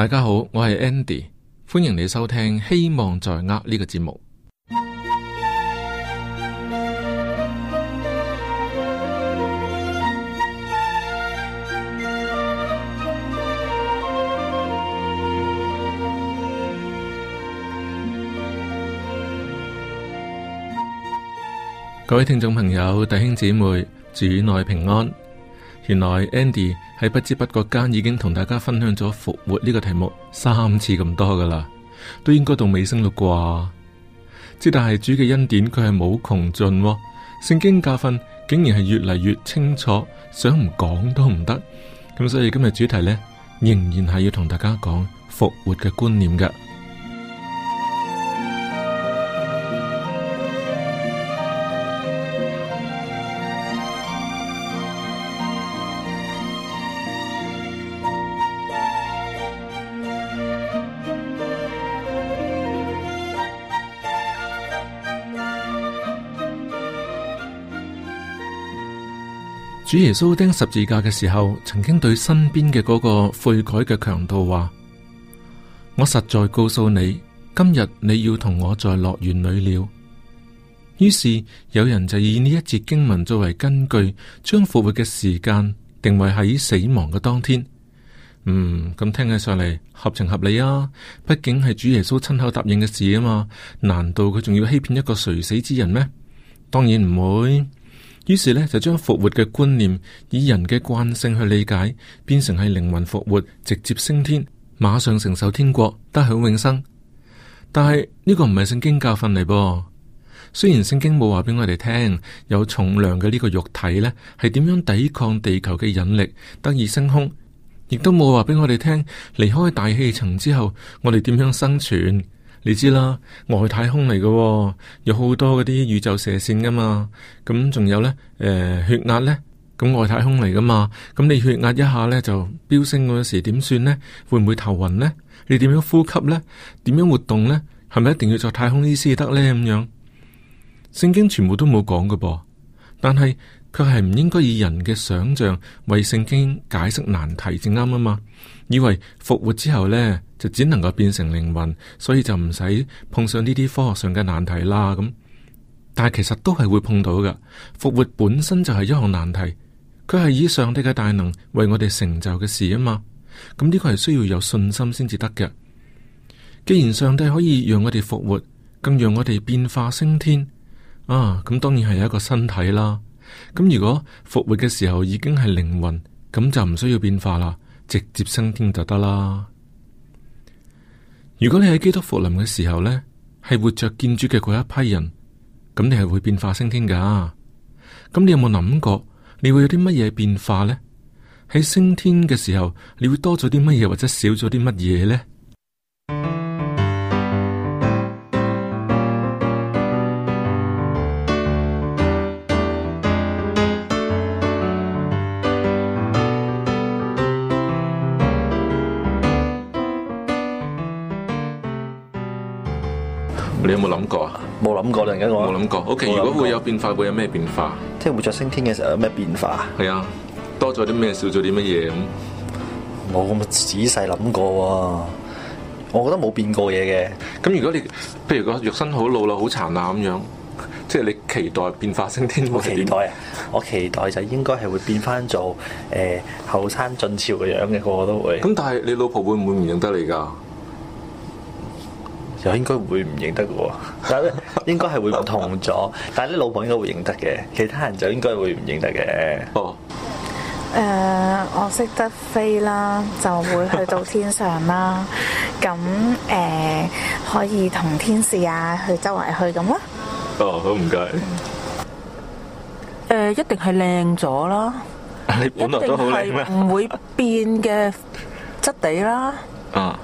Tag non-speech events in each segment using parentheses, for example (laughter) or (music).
大家好，我係 Andy，歡迎你收聽《希望在握》呢、這個節目。各位聽眾朋友、弟兄姊妹，主內平安。原來 Andy 喺不知不覺間已經同大家分享咗復活呢個題目三次咁多噶啦，都應該到尾聲啦啩？知，但係主嘅恩典佢係冇窮盡，哦，聖經教訓竟然係越嚟越清楚，想唔講都唔得。咁所以今日主題呢，仍然係要同大家講復活嘅觀念嘅。主耶穌釘十字架嘅時候，曾經對身邊嘅嗰個悔改嘅強盜話：我實在告訴你，今日你要同我在樂園裏了。於是有人就以呢一節經文作為根據，將復活嘅時間定位喺死亡嘅當天。嗯，咁聽起上嚟，合情合理啊，畢竟係主耶穌親口答應嘅事啊嘛，難道佢仲要欺騙一個垂死之人咩？當然唔會。於是呢，就將復活嘅觀念以人嘅慣性去理解，變成係靈魂復活，直接升天，馬上承受天國，得享永生。但係呢個唔係聖經教訓嚟噃。雖然聖經冇話俾我哋聽，有重量嘅呢個肉體呢，係點樣抵抗地球嘅引力得以升空，亦都冇話俾我哋聽離開大氣層之後我哋點樣生存。你知啦，外太空嚟嘅，哦，有好多嗰啲宇宙射線噶嘛，咁仲有呢，誒、呃、血壓呢，咁外太空嚟噶嘛，咁你血壓一下呢，就飆升嗰時點算呢？會唔會頭暈呢？你點樣呼吸呢？點樣活動呢？係咪一定要做太空醫師得呢？咁樣，聖經全部都冇講㗎噃，但係，佢係唔應該以人嘅想象為聖經解釋難題至啱啊嘛。以為復活之後呢，就只能夠變成靈魂，所以就唔使碰上呢啲科學上嘅難題啦。咁但係其實都係會碰到嘅。復活本身就係一項難題。佢係以上帝嘅大能為我哋成就嘅事啊嘛。咁、這、呢個係需要有信心先至得嘅。既然上帝可以讓我哋復活，更讓我哋變化升天啊，咁、嗯、當然係有一個身體啦。咁如果復活嘅時候已經係靈魂，咁就唔需要變化啦，直接升天就得啦。如果你喺基督復臨嘅時候呢，係活着見主嘅嗰一批人，咁你係會變化升天噶。咁你有冇諗過你會有啲乜嘢變化呢？喺升天嘅時候，你會多咗啲乜嘢或者少咗啲乜嘢呢？你有冇諗過啊？冇諗過，突然間我冇諗過。OK，過，如果會有變化，會有咩變化？即係活著升天嘅時候有咩變化？係啊，多咗啲咩，少咗啲乜嘢咁？冇咁啊，仔細諗過喎。我覺得冇變過嘢嘅。咁如果你譬如個肉身好老啦，好殘啊咁樣，即係你期待變化升天？我期待啊！我期待就應該係會變翻做誒後生俊俏嘅樣嘅，個個都會。咁但係你老婆會唔會唔認得你噶？就應該會唔認得嘅喎，但係咧應該係會唔同咗。但係啲老婆應該會認得嘅，其他人就應該會唔認得嘅。哦，誒、呃，我識得飛啦，就會去到天上啦。咁誒、 (laughs) 呃，可以同天使啊去周圍去咁咯。哦，好唔該。誒、嗯呃，一定係靚咗咯。你本來都好靚咩？唔 (laughs) 會變嘅質地啦。啊、嗯。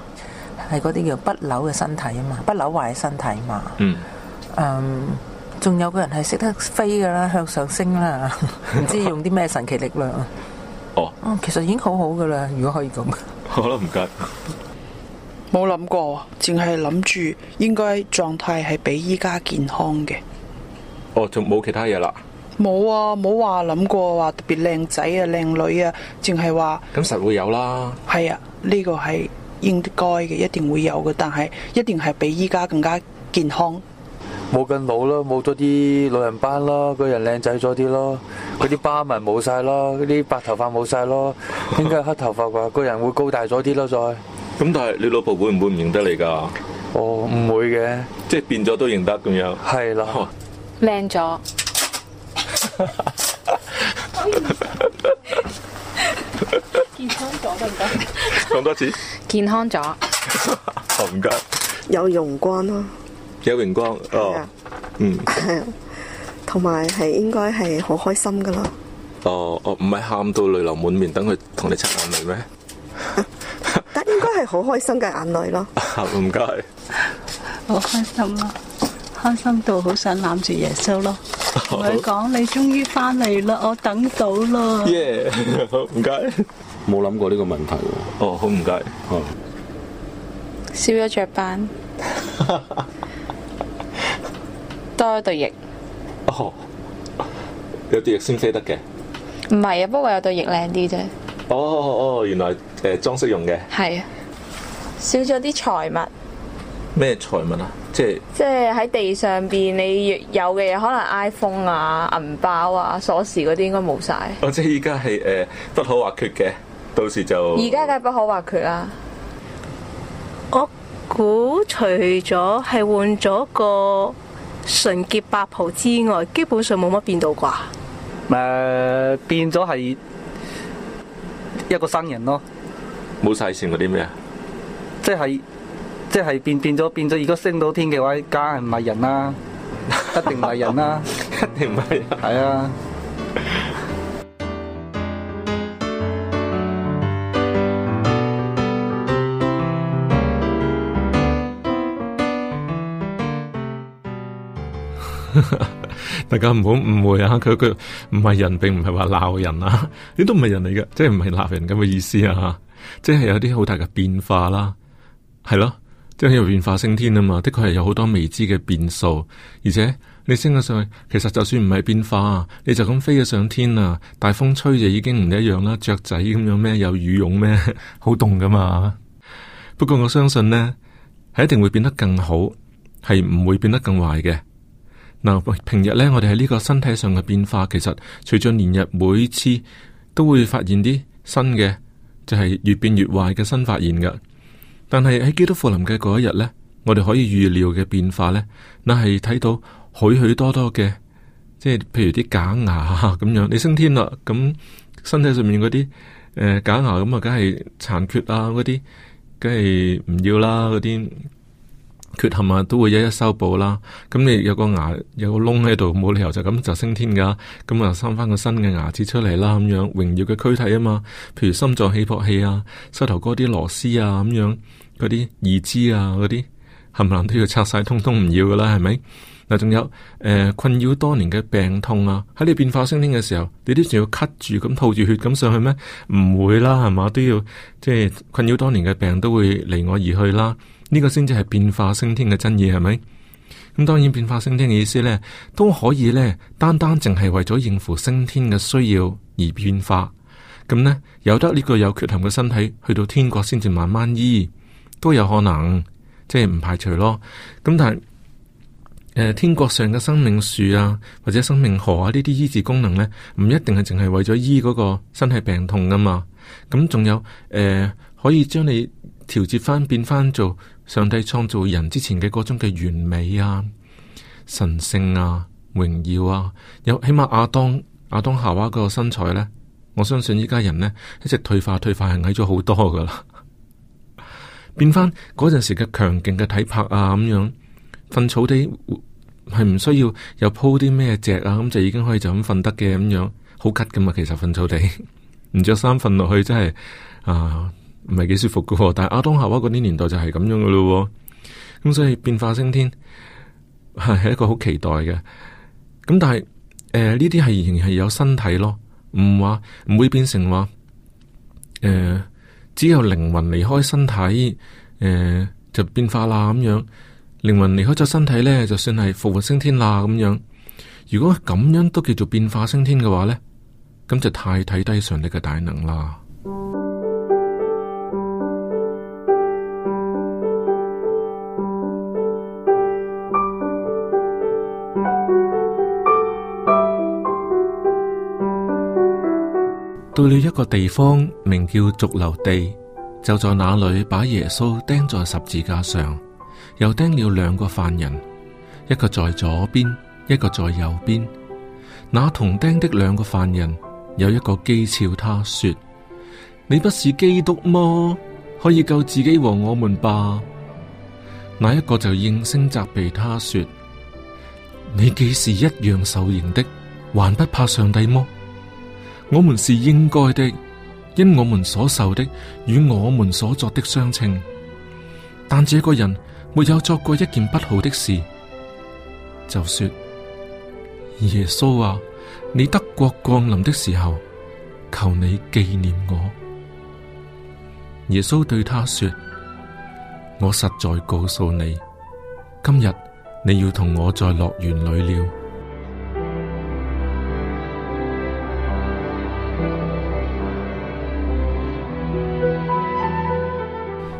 係嗰啲叫不朽嘅身體啊嘛，不朽壞嘅身體嘛。嗯。um, 仲有個人係識得飛噶啦，向上升啦，唔 (laughs) 知用啲咩神奇力量。哦。哦，其實已經好好噶啦，如果可以咁。好啦，唔該。冇諗過，淨係諗住應該狀態係比依家健康嘅。哦，仲冇其他嘢啦。冇啊，冇話諗過話特別靚仔啊、靚女啊，淨係話。咁實會有啦。係啊，呢個係。應該嘅，一定會有嘅，但係一定係比依家更加健康。冇咁老啦，冇咗啲老人斑啦，個人靚仔咗啲咯，嗰啲疤咪冇晒咯，呢啲白頭髮冇晒咯，應該係黑頭髮啩， (laughs) 個人會高大咗啲咯，再。咁但係你老婆會唔會唔認得你噶？哦，唔會嘅。即係變咗都認得咁樣。係咯的。靚咗 (laughs) 亮。 (laughs) (laughs) 健康咗得唔得？講 (laughs) 多次。健康咗。唔該、 (laughs) 哦。謝謝有容光、哦、 (laughs) (laughs) 咯。有容光哦。嗯。係啊。同埋係應該係好開心噶啦。哦哦，我唔係喊到淚流滿面等佢同你擦眼淚咩？但應該係好開心嘅眼淚咯。唔該。好開心啊！開心到好想攬住耶穌咯。同佢講，oh, 你終於返嚟啦！我等到啦。耶，好唔該。冇諗過呢個問題。哦、oh, oh.，好唔該。哦，少咗雀斑，多咗對翼。哦，oh. 有對翼先飛得嘅。唔係啊，不過有對翼靚啲啫。哦哦，原來誒裝飾用嘅。係啊，少咗啲財物。咩財物啊？即係喺地上邊，你有嘅嘢可能 iPhone 啊、銀包啊、鎖匙嗰啲應該冇晒。哦，即係依家係誒不可或缺嘅，到時就而家梗係不可或缺啦。我估除咗係換咗個純潔白袍之外，基本上冇乜變到啩。誒、呃，變咗係一個新人咯。冇晒前嗰啲咩啊？即係。即係變變咗變咗，如果升到天嘅話，梗係唔係人啦，啊？一定唔係人啦，一定唔係，係啊！ (laughs) (laughs) 大家唔好誤會啊！佢佢唔係人，並唔係話鬧人啊！呢都唔係人嚟嘅，即係唔係鬧人咁嘅意思啊！即係有啲好大嘅變化啦，啊，係咯，啊。即係變化升天啊嘛，的確係有好多未知嘅變數，而且你升咗上去，其實就算唔係變化，你就咁飛咗上天啦，大風吹就已經唔一樣啦，雀仔咁樣咩？有有羽絨咩，好凍噶嘛。 (laughs) 不過我相信呢，係一定會變得更好，係唔會變得更壞嘅。嗱，平日呢，我哋喺呢個身體上嘅變化，其實隨住年日每次都會發現啲新嘅，就係、是、越變越壞嘅新發現噶。但係喺基督復臨嘅嗰一日咧，我哋可以預料嘅變化咧，那係睇到許許多多嘅。即係譬如啲假牙咁樣，你升天啦，咁身體上面嗰啲誒假牙咁啊，梗係殘缺啊嗰啲，梗係唔要啦嗰啲。缺陷啊，都會一一修補啦。咁你有個牙有個窿喺度，冇理由就咁就升天噶。咁啊，生翻個新嘅牙齒出嚟啦，咁樣榮耀嘅軀體啊嘛。譬如心臟起搏器啊，膝頭哥啲螺絲啊，咁樣嗰啲義肢啊，嗰啲冚唪唥都要拆晒，通通唔要噶啦，係咪？嗱，仲有誒困擾多年嘅病痛啊，喺你變化升天嘅時候，你都仲要咳住咁吐住血咁上去咩？唔會啦，係嘛都要，即係困擾多年嘅病都會離我而去啦。呢個先至係變化升天嘅真意，係咪？咁當然變化升天嘅意思呢，都可以咧，單單淨係為咗應付升天嘅需要而變化。咁呢，由得呢個有缺陷嘅身體去到天國先至慢慢醫，都有可能，即係唔排除咯。咁但係、呃，天國上嘅生命樹啊，或者生命河啊，呢啲醫治功能呢，唔一定係淨係為咗醫嗰個身體病痛噶嘛。咁仲有，誒、呃，可以將你。調節翻變翻做上帝創造人之前嘅嗰種嘅完美啊、神聖啊、榮耀啊，有起碼亞當亞當夏娃嗰個身材呢。我相信依家人呢，一直退化退化係矮咗好多噶啦， (laughs) 變翻嗰陣時嘅強勁嘅體魄啊，咁樣瞓草地係唔需要又鋪啲咩只啊，咁就已經可以就咁瞓得嘅咁樣，好吉噶嘛，其實瞓草地唔 (laughs) 着衫瞓落去真係啊。唔係幾舒服噶，但係亞當夏娃嗰啲年代就係咁樣噶咯，咁所以變化升天係一個好期待嘅。咁但係誒呢啲係仍然係有身體咯，唔話唔會變成話誒、呃、只有靈魂離開身體誒、呃、就變化啦咁樣，靈魂離開咗身體咧就算係復活升天啦咁樣。如果咁樣都叫做變化升天嘅話咧，咁就太睇低上帝嘅大能啦。到了一個地方，名叫髑髏地，就在那裏把耶穌釘在十字架上，又釘了兩個犯人，一個在左邊，一個在右邊。那同釘的兩個犯人有一個譏誚他說：你不是基督麼？可以救自己和我們吧。那一個就應聲責備他說：你既是一樣受刑的，還不怕上帝麼？我們是應該的，因我們所受的與我們所作的相稱。但這個人沒有作過一件不好的事，就說：耶穌啊，你得國降臨的時候，求你紀念我。耶穌對他說：我實在告訴你，今日你要同我在樂園裏了。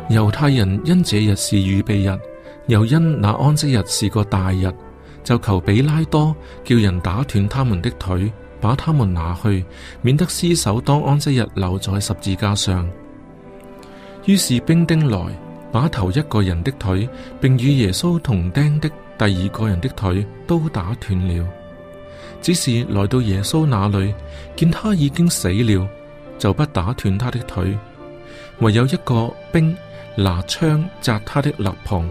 猶太人因這日是預備日，又因那安息日是個大日，就求比拉多叫人打斷他們的腿，把他們拿去，免得屍首當安息日留在十字架上。於是兵丁來把頭一個人的腿，並與耶穌同釘的第二個人的腿都打斷了，只是來到耶穌那裏，見他已經死了，就不打斷他的腿，唯有一個兵。冰拿槍扎他的肋旁，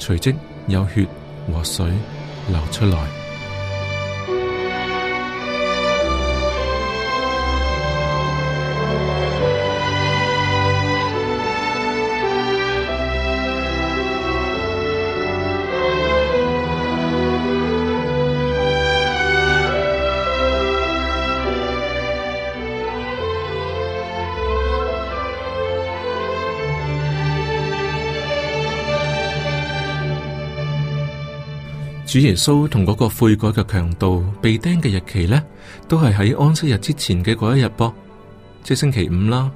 隨即有血和水流出來。主耶穌同嗰個悔改嘅強盜，被釘嘅日期呢，都係喺安息日之前嘅嗰一日，噃，即係星期五啦。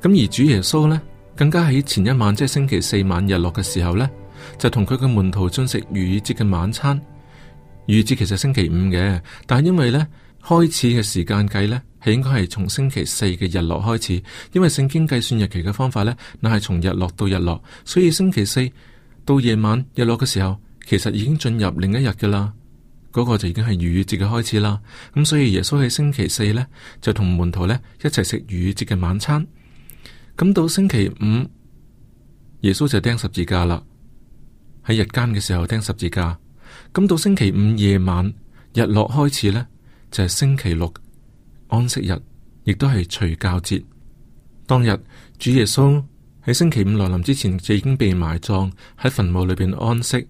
咁而主耶穌呢，更加喺前一晚，即係星期四晚日落嘅時候呢，就同佢嘅門徒進食逾越節嘅晚餐。逾越節其實星期五嘅，但係因為呢開始嘅時間計呢，係應該係從星期四嘅日落開始，因為聖經計算日期嘅方法呢，乃係從日落到日落，所以星期四到夜晚日落嘅時候。其實已經進入另一日嘅啦，嗰、嗰個就已經係逾越節嘅開始啦。咁所以耶穌喺星期四呢，就同門徒呢一齊食逾越節嘅晚餐。咁到星期五，耶穌就釘十字架啦。喺日間嘅時候釘十字架。咁到星期五夜晚日落開始呢，就係、係、星期六安息日，亦都係除酵節當日。主耶穌喺星期五來臨之前就已經被埋葬喺墳墓裏邊安息。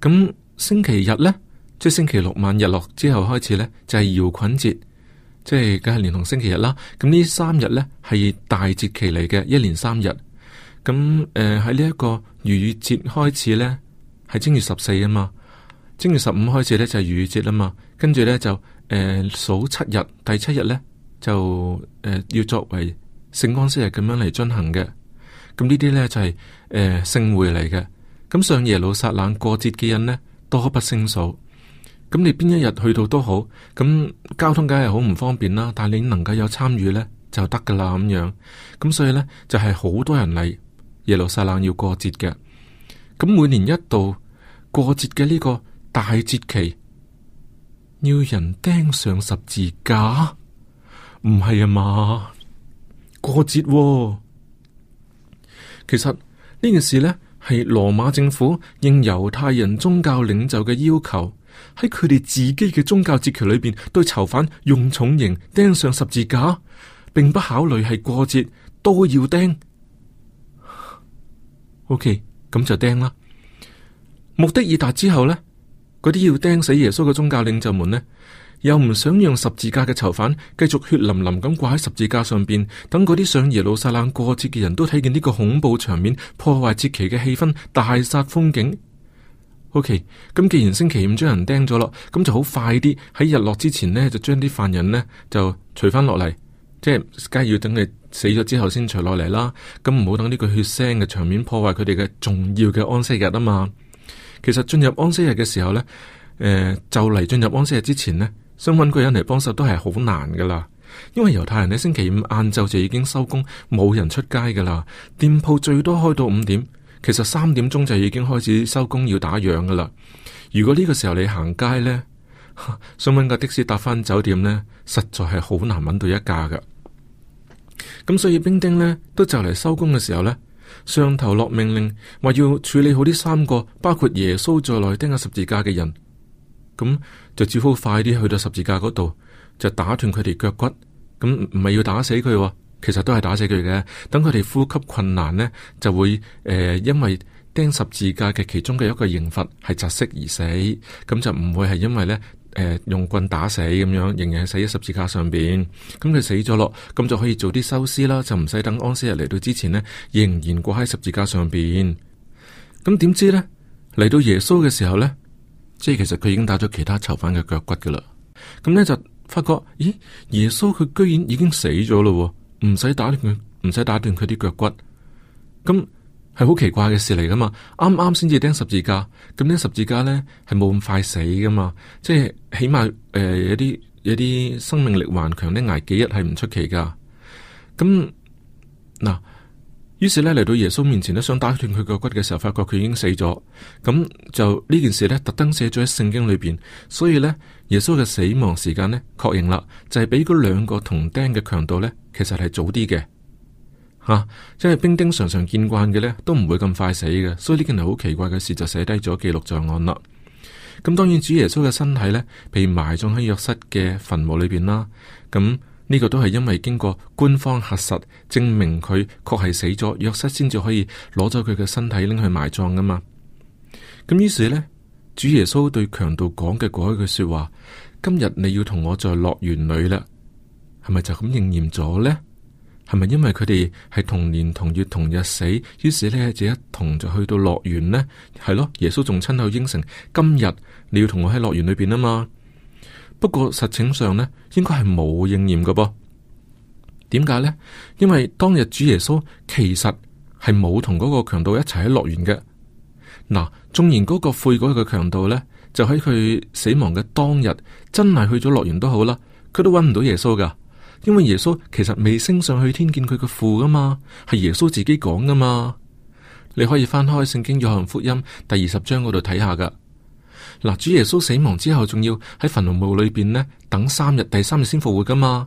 咁星期日呢，即、就、係、是、星期六晚日落之後開始呢，就係搖滾節，即係梗係連同星期日啦。咁呢三日呢，係大節期嚟嘅，一連三日。咁誒喺呢一個逾越節開始呢，係正月十四啊嘛，正月十五開始呢，就係逾越節啦嘛。跟住呢，就誒、呃、數七日，第七日呢，就誒、呃、要作為聖光息日咁樣嚟進行嘅。咁呢啲呢，就係、是、誒、呃、聖會嚟嘅。咁上耶路撒冷過節嘅人呢，多不勝數，咁你邊一日去到都好，咁交通梗係好唔方便啦。但係你能夠有參與呢，就得噶啦咁樣，咁所以呢，就係、是、好多人嚟耶路撒冷要過節嘅。咁每年一度過節嘅呢個大節期，要人釘上十字架，唔係啊嘛？過節、哦，其實呢件、這個、事呢。係羅馬政府應猶太人宗教領袖嘅要求，喺佢哋自己嘅宗教節期裏邊，對囚犯用重刑釘上十字架，並不考慮係過節都要釘。OK，咁就釘啦。目的已達之後呢，嗰啲要釘死耶穌嘅宗教領袖們呢。又唔想讓十字架嘅囚犯繼續血淋淋咁掛喺十字架上邊，等嗰啲上耶路撒冷過節嘅人都睇見呢個恐怖場面，破壞節期嘅氣氛，大煞風景。O K，咁既然星期五將人釘咗咯，咁就好快啲喺日落之前呢，就將啲犯人呢就除翻落嚟，即係梗係要等佢死咗之後先除落嚟啦。咁唔好等呢個血腥嘅場面破壞佢哋嘅重要嘅安息日啊嘛。其實進入安息日嘅時候呢，誒、呃、就嚟進入安息日之前呢。想搵個人嚟幫手都係好難噶啦，因為猶太人喺星期五晏晝就已經收工，冇人出街噶啦，店鋪最多開到五點，其實三點鐘就已經開始收工要打烊噶啦。如果呢個時候你行街呢，想搵架的士搭翻酒店呢，實在係好難搵到一架噶。咁所以兵丁呢，都就嚟收工嘅時候呢，上頭落命令話要處理好呢三個包括耶穌在內釘下十字架嘅人，咁。就只好快啲去到十字架嗰度，就打斷佢哋腳骨，咁唔係要打死佢，其實都係打死佢嘅。等佢哋呼吸困難呢，就會誒、呃，因為釘十字架嘅其中嘅一個刑罰係窒息而死，咁就唔會係因為呢誒、呃，用棍打死咁樣，仍然喺死喺十字架上邊。咁佢死咗咯，咁就可以做啲收屍啦，就唔使等安息日嚟到之前呢，仍然掛喺十字架上邊。咁點知呢？嚟到耶穌嘅時候呢。即係其實佢已經打咗其他囚犯嘅腳骨噶啦，咁咧就發覺咦，耶穌佢居然已經死咗咯，唔使打斷佢，唔使打斷佢啲腳骨，咁係好奇怪嘅事嚟噶嘛？啱啱先至釘十字架，咁釘十字架咧係冇咁快死噶嘛？即係起碼誒、呃、有啲有啲生命力頑強咧，捱幾日係唔出奇噶。咁嗱。於是咧嚟到耶穌面前咧，想打斷佢個骨嘅時候，發覺佢已經死咗。咁就呢件事呢，特登寫咗喺聖經裏邊。所以呢，耶穌嘅死亡時間呢，確認啦，就係、是、比嗰兩個同釘嘅強盜呢，其實係早啲嘅吓。因為兵丁常常見慣嘅呢，都唔會咁快死嘅。所以呢件係好奇怪嘅事，就寫低咗記錄在案啦。咁當然，主耶穌嘅身體呢，被埋葬喺約瑟嘅墳墓裏邊啦。咁。呢個都係因為經過官方核實，證明佢確係死咗，約瑟先至可以攞走佢嘅身體拎去埋葬噶嘛。咁於是呢，主耶穌對強盜講嘅嗰一句說話：今日你要同我在樂園裏啦，係咪就咁應驗咗呢？係咪因為佢哋係同年同月同日死，於是呢，就一同就去到樂園呢？係咯？耶穌仲親口應承：今日你要同我喺樂園裏邊啊嘛。不過實情上咧，應該係冇應驗嘅噃。點解呢？因為當日主耶穌其實係冇同嗰個強盜一齊喺樂園嘅。嗱，縱然嗰個悔改嘅強盜呢，就喺佢死亡嘅當日真係去咗樂園都好啦，佢都揾唔到耶穌噶。因為耶穌其實未升上去天見佢嘅父噶嘛，係耶穌自己講噶嘛。你可以翻開聖經約翰福音第二十章嗰度睇下噶。嗱，主耶穌死亡之後，仲要喺墳墓裏邊咧等三日，第三日先復活噶嘛？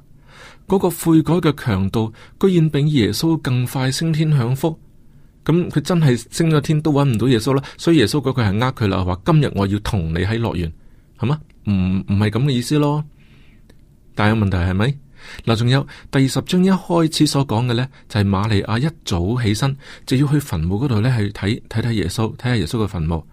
嗰、那個悔改嘅強盜，居然比耶穌更快升天享福。咁佢真係升咗天都揾唔到耶穌啦，所以耶穌嗰句係呃佢啦，話今日我要同你喺樂園，係嘛？唔唔係咁嘅意思咯。但有問題係咪？嗱，仲有第十章一開始所講嘅呢，就係馬利亞一早起身就要去墳墓嗰度呢，去睇睇睇耶穌，睇下耶穌嘅墳墓，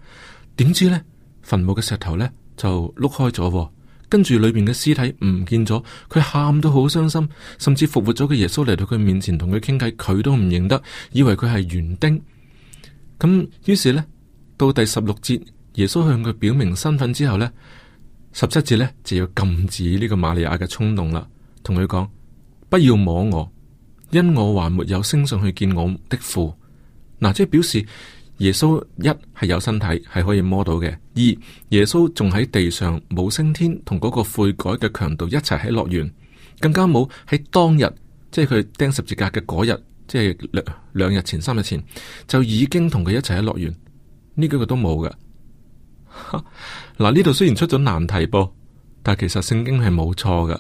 點知呢？墳墓嘅石頭呢，就碌開咗，跟住裏面嘅屍體唔見咗，佢喊到好傷心，甚至復活咗嘅耶穌嚟到佢面前同佢傾偈，佢都唔認得，以為佢係園丁。咁於是呢，到第十六節，耶穌向佢表明身份之後呢，十七節呢，就要禁止呢個瑪利亞嘅衝動啦，同佢講，不要摸我，因我還沒有升上去見我的父。嗱，即係表示。耶穌一係有身體係可以摸到嘅，二耶穌仲喺地上冇升天，同嗰個悔改嘅強盜一齊喺樂園，更加冇喺當日，即係佢釘十字架嘅嗰日，即係兩兩日前三日前就已經同佢一齊喺樂園，呢、這、幾個都冇㗎。嗱呢度雖然出咗難題噃，但其實聖經係冇錯㗎，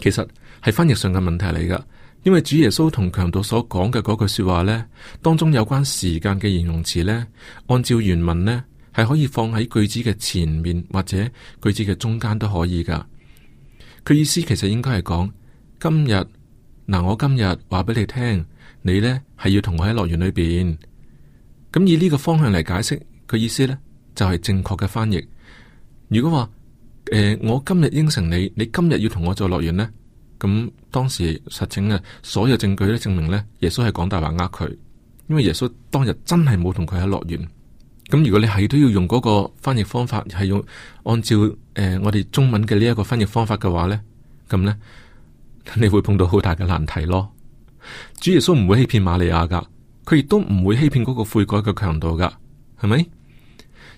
其實係翻譯上嘅問題嚟噶。因為主耶穌同強盜所講嘅嗰句說話呢，當中有關時間嘅形容詞呢，按照原文呢，係可以放喺句子嘅前面或者句子嘅中間都可以噶。佢意思其實應該係講今日嗱，我今日話俾你聽，你呢係要同我喺樂園裏邊。咁以呢個方向嚟解釋佢意思呢，就係正確嘅翻譯。如果話、呃、我今日應承你，你今日要同我做樂園呢？咁當時實情嘅所有證據咧，證明咧，耶穌係講大話呃佢，因為耶穌當日真係冇同佢喺樂園。咁如果你係都要用嗰個翻譯方法，係用按照誒、呃、我哋中文嘅呢一個翻譯方法嘅話咧，咁咧你會碰到好大嘅難題咯。主耶穌唔會欺騙瑪利亞噶，佢亦都唔會欺騙嗰個悔改嘅強盜噶，係咪？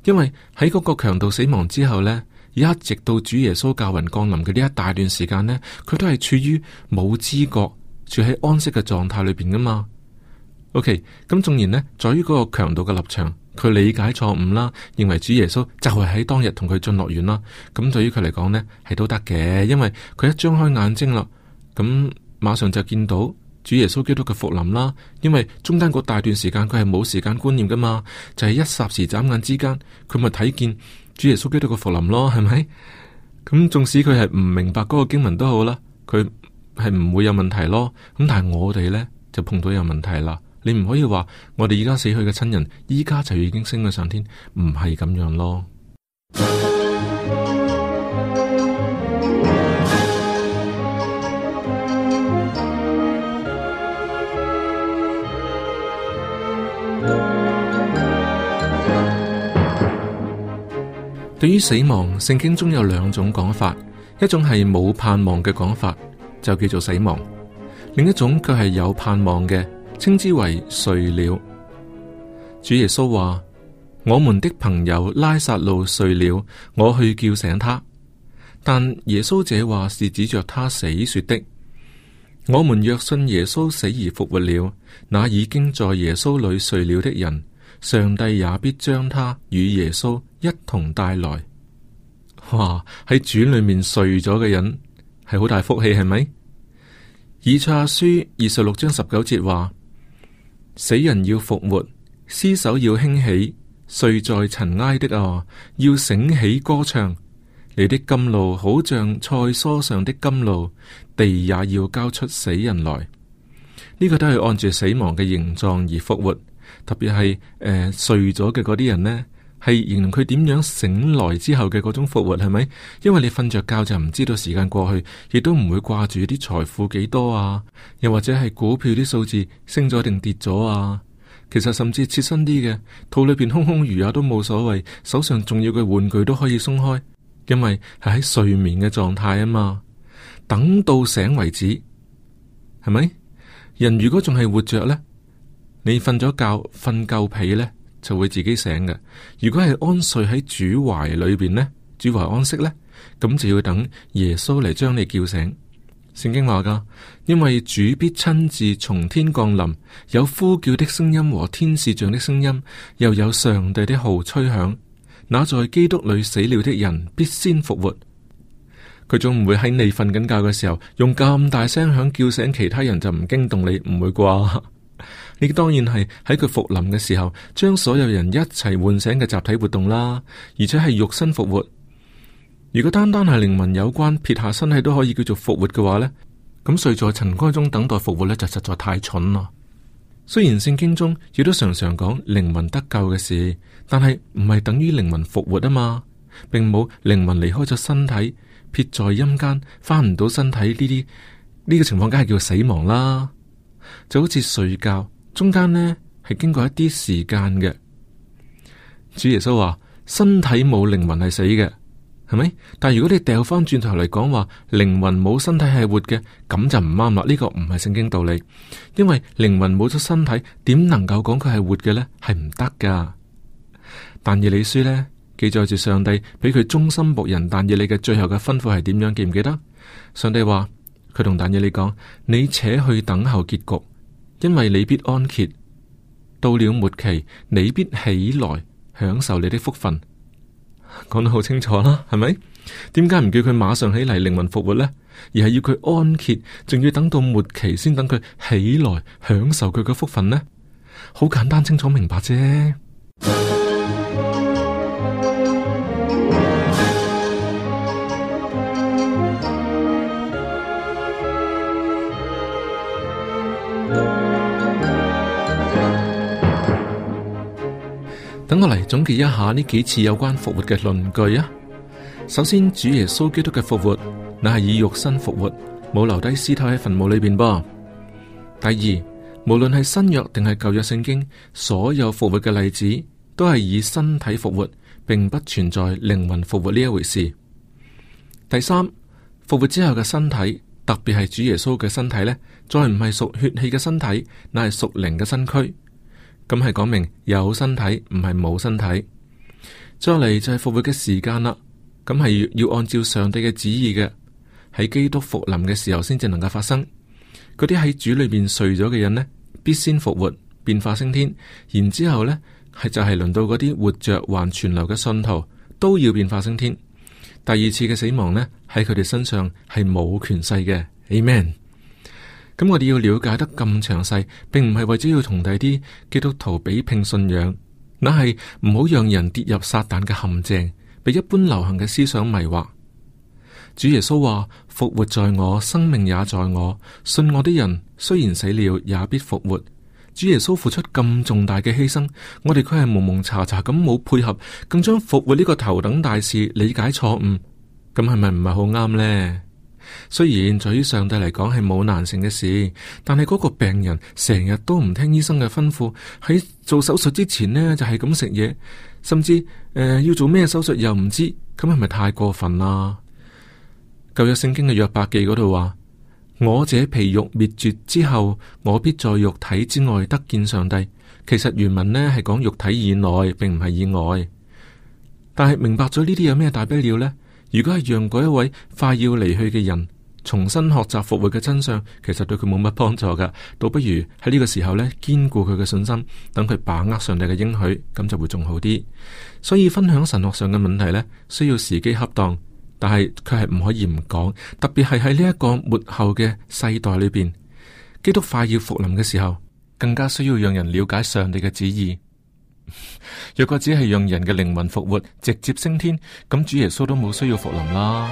因為喺嗰個強盜死亡之後咧。一直到主耶穌駕雲降臨嘅呢一大段時間呢，佢都係處於冇知覺、處喺安息嘅狀態裏邊噶嘛。OK，咁縱然呢，在於嗰個強盜嘅立場，佢理解錯誤啦，認為主耶穌就係喺當日同佢進樂園啦。咁對於佢嚟講呢，係都得嘅，因為佢一張開眼睛啦，咁馬上就見到主耶穌基督嘅復臨啦。因為中間嗰大段時間佢係冇時間觀念噶嘛，就係、是、一霎時眨眼之間，佢咪睇見。主耶穌基督嘅復臨咯，係咪？咁縱使佢係唔明白嗰個經文都好啦，佢係唔會有問題咯。咁但係我哋呢，就碰到有問題啦。你唔可以話我哋而家死去嘅親人，依家就已經升咗上天，唔係咁樣咯。 (music) 對於死亡，聖經中有兩種講法，一種係冇盼望嘅講法，就叫做死亡；另一種卻係有盼望嘅，稱之為睡了。主耶穌話：我們的朋友拉撒路睡了，我去叫醒他。但耶穌這話是指着他死說的。我們若信耶穌死而復活了，那已經在耶穌裏睡了的人。上帝也必將他與耶穌一同帶來。哇！喺主裏面睡咗嘅人係好大福氣，係咪？以賽亞書二十六章十九節話：死人要復活，屍首要興起，睡在塵埃的啊，要醒起歌唱。你的甘露好像菜蔬上的甘露，地也要交出死人來。呢個都係按住死亡嘅形狀而復活。特別係誒睡咗嘅嗰啲人呢，係形容佢點樣醒來之後嘅嗰種復活，係咪？因為你瞓着覺就唔知道時間過去，亦都唔會掛住啲財富幾多啊，又或者係股票啲數字升咗定跌咗啊。其實甚至切身啲嘅，肚裏邊空空如也都冇所謂，手上重要嘅玩具都可以鬆開，因為係喺睡眠嘅狀態啊嘛。等到醒為止，係咪？人如果仲係活着呢？你瞓咗覺，瞓夠皮呢，就會自己醒嘅。如果係安睡喺主懷裏邊呢，主懷安息呢，咁就要等耶穌嚟將你叫醒。聖經話噶，因為主必親自從天降臨，有呼叫的聲音和天使長的聲音，又有上帝的號吹響。那在基督裏死了的人，必先復活。佢仲唔會喺你瞓緊覺嘅時候，用咁大聲響叫醒其他人，就唔驚動你，唔會啩？你當然係喺佢復臨嘅時候，將所有人一齊喚醒嘅集體活動啦。而且係肉身復活。如果單單係靈魂有關撇下身體都可以叫做復活嘅話呢，咁睡在塵埃中等待復活呢，就實在太蠢咯。雖然聖經中亦都常常講靈魂得救嘅事，但係唔係等於靈魂復活啊嘛，並冇靈魂離開咗身體撇在陰間翻唔到身體呢啲呢個情況，梗係叫死亡啦。就好似睡覺。中間呢係經過一啲時間嘅，主耶穌話：身體冇靈魂係死嘅，係咪？但如果你掉翻轉頭嚟講話，靈魂冇身體係活嘅，咁就唔啱啦。呢個唔係聖經道理，因為靈魂冇咗身體，點能夠講佢係活嘅呢？係唔得噶。但以理書呢，記載住上帝俾佢忠心僕人，但以理嘅最後嘅吩咐係點樣？記唔記得？上帝話佢同但以理講：你且去等候結局。因為你必安歇，到了末期你必起來享受你的福分。講得好清楚啦，係咪？點解唔叫佢馬上起嚟靈魂復活呢？而係要佢安歇，仲要等到末期先等佢起來享受佢嘅福分呢？好簡單清楚明白啫。 (music) 等我嚟總結一下呢幾次有關復活嘅論據啊！首先，主耶穌基督嘅復活，乃係以肉身復活，冇留低屍體喺墳墓裏邊噃。第二，無論係新約定係舊約，聖經所有復活嘅例子，都係以身體復活，並不存在靈魂復活呢一回事。第三，復活之後嘅身體，特別係主耶穌嘅身體呢，再唔係屬血氣嘅身體，乃係屬靈嘅身軀。咁係講明有身體，唔係冇身體。再嚟就係復活嘅時間啦。咁係要按照上帝嘅旨意嘅，喺基督復臨嘅時候先至能夠發生。嗰啲喺主裡面睡咗嘅人呢，必先復活，變化升天。然之後呢，係就係、是、輪到嗰啲活着還存留嘅信徒，都要變化升天。第二次嘅死亡呢，喺佢哋身上係冇權勢嘅。阿門。咁我哋要了解得咁詳細，並唔係為咗要同第啲基督徒比拼信仰，那係唔好讓人跌入撒旦嘅陷阱，被一般流行嘅思想迷惑。主耶穌話，復活在我，生命也在我，信我的人雖然死了也必復活。主耶穌付出咁重大嘅犧牲，我哋佢係蒙蒙查查咁冇配合，更將復活呢個頭等大事理解錯誤，咁係咪唔係好啱呢？雖然在於上帝嚟講係冇難成嘅事，但係嗰個病人成日都唔聽醫生嘅吩咐，喺做手術之前呢，就係咁食嘢，甚至誒、呃、要做咩手術又唔知，咁係咪太過分啦？舊約聖經嘅約伯記嗰度話：我這皮肉滅絕之後，我必在肉體之外得見上帝。其實原文呢係講肉體以內，並唔係以外。但係明白咗呢啲有咩大不了呢？如果係讓嗰一位快要離去嘅人，重新學習復活嘅真相，其實對佢冇乜幫助㗎，倒不如喺呢個時候呢，堅固佢嘅信心，等佢把握上帝嘅應許，咁就會仲好啲。所以分享神學上嘅問題呢，需要時機恰當，但係佢係唔可以唔講，特別係喺呢一個末後嘅世代裏邊，基督快要復臨嘅時候，更加需要讓人了解上帝嘅旨意。 (laughs) 若果只係讓人嘅靈魂復活，直接升天，咁主耶穌都冇需要復臨啦。